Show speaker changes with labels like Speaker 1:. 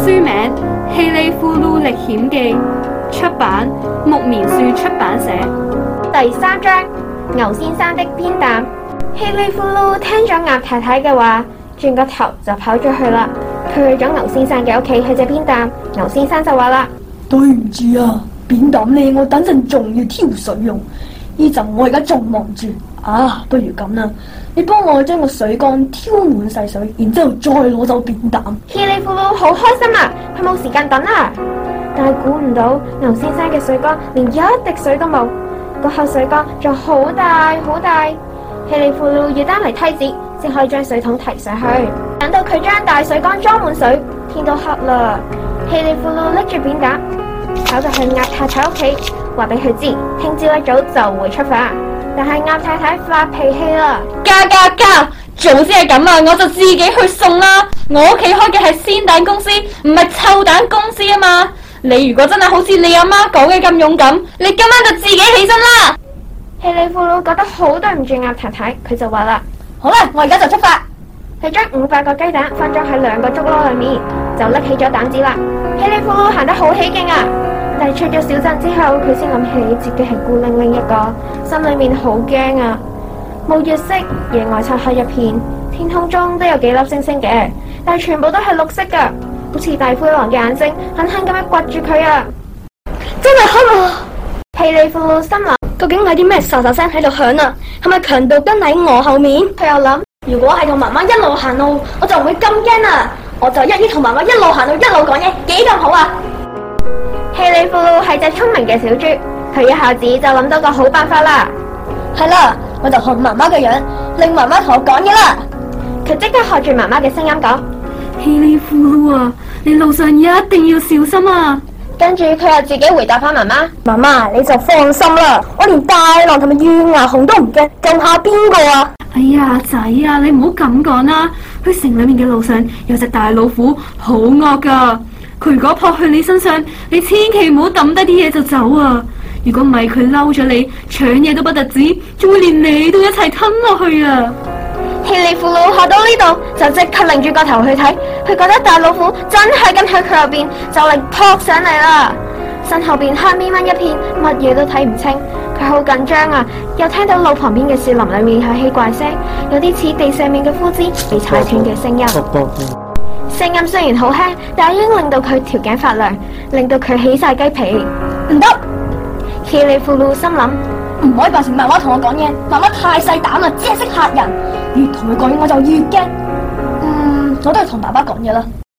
Speaker 1: .書名《唏哩呼嚕歷險記》，出版木棉樹出版社。第三章《牛先生的扁擔》。唏哩呼嚕聽咗鴨太太嘅話，轉個頭就跑咗去啦。佢去咗牛先生嘅屋企去借扁擔，牛先生就話啦：對唔住啊，扁擔你我等陣仲要挑水用。呢陣我而家仲忙住啊，不如咁啦，你幫我將個水缸挑滿晒水，然之後再攞走扁擔。唏哩呼嚕好開心啊，佢冇時間等啊，但係估唔到牛先生嘅水缸連一滴水都冇，個口水缸仲好大好大。唏哩呼嚕要擔嚟梯子先可以將水桶提上去。等到佢將大水缸裝滿水，天都黑啦。唏哩呼嚕拎住扁擔，跑到去鴨太太屋企，話俾佢知，聽朝一早就會出發。但係鴨太太發脾氣啦，嘎嘎嘎，早知係咁啊，我就自己去送啦。我屋企開嘅係鮮蛋公司，唔係臭蛋公司啊嘛。你如果真係好似你阿媽講嘅咁勇敢，你今晚就自己起身啦。唏哩呼嚕覺得好對唔住鴨太太，佢就話啦，好啦，我而家就出發。佢將五百個雞蛋分咗喺兩個竹籮裏面，就甩起咗擔子啦。唏哩呼嚕行得好起勁啊！但出咗小鎮之後，佢先諗起自己係孤零零一個，心裏面好驚啊！冇月色，野外漆黑一片，天空中都有幾粒星星嘅，但係全部都係綠色噶，好似大灰狼嘅眼睛，狠狠咁樣掘住佢啊！真係好啊！唏哩呼嚕心諗，究竟係啲咩沙沙聲喺度響啊？係咪強盜跟喺我後面？佢又諗，如果係同媽媽一路行路，我就唔會咁驚啊！我就一於同媽媽一路行路，一路講嘢，幾咁好啊！稀里呼嚕係隻聰明嘅小豬，佢一下子就諗到個好辦法啦。係啦，我就學媽媽嘅樣，令媽媽同我講嘢啦。佢即刻學住媽媽嘅聲音講：唏哩呼嚕啊，你路上一定要小心啊！跟住佢又自己回答返媽媽：媽媽你就放心啦，我連大狼同埋月牙熊都唔驚，仲怕邊個啊？哎呀，仔啊，你唔好咁講啦，去城裏面嘅路上有隻大老虎，好惡噶。佢如果撲去你身上，你千祈唔好抌低啲嘢就走啊！如果唔係，佢嬲咗你，搶嘢都不特止，仲會連你都一齊吞落去啊！唏哩呼嚕吓到呢度，就即刻擰住個頭去睇，佢覺得大老虎真係跟喺佢入邊，就嚟撲上嚟啦！身後邊黑咪咪一片，乜嘢都睇唔清，佢好緊張啊！又聽到路旁邊嘅樹林裏面響起怪聲，有啲似地上面嘅枯枝被踩斷嘅聲音。聲音雖然好輕，但已經令到佢條頸發涼，令到佢起晒雞皮。唔得行，唏哩呼嚕心諗，唔可以扮成媽媽同我講嘢。媽媽太細膽啦，只係識嚇人。越同佢講嘢我就越驚。嗯，我都係同爸爸講嘢啦。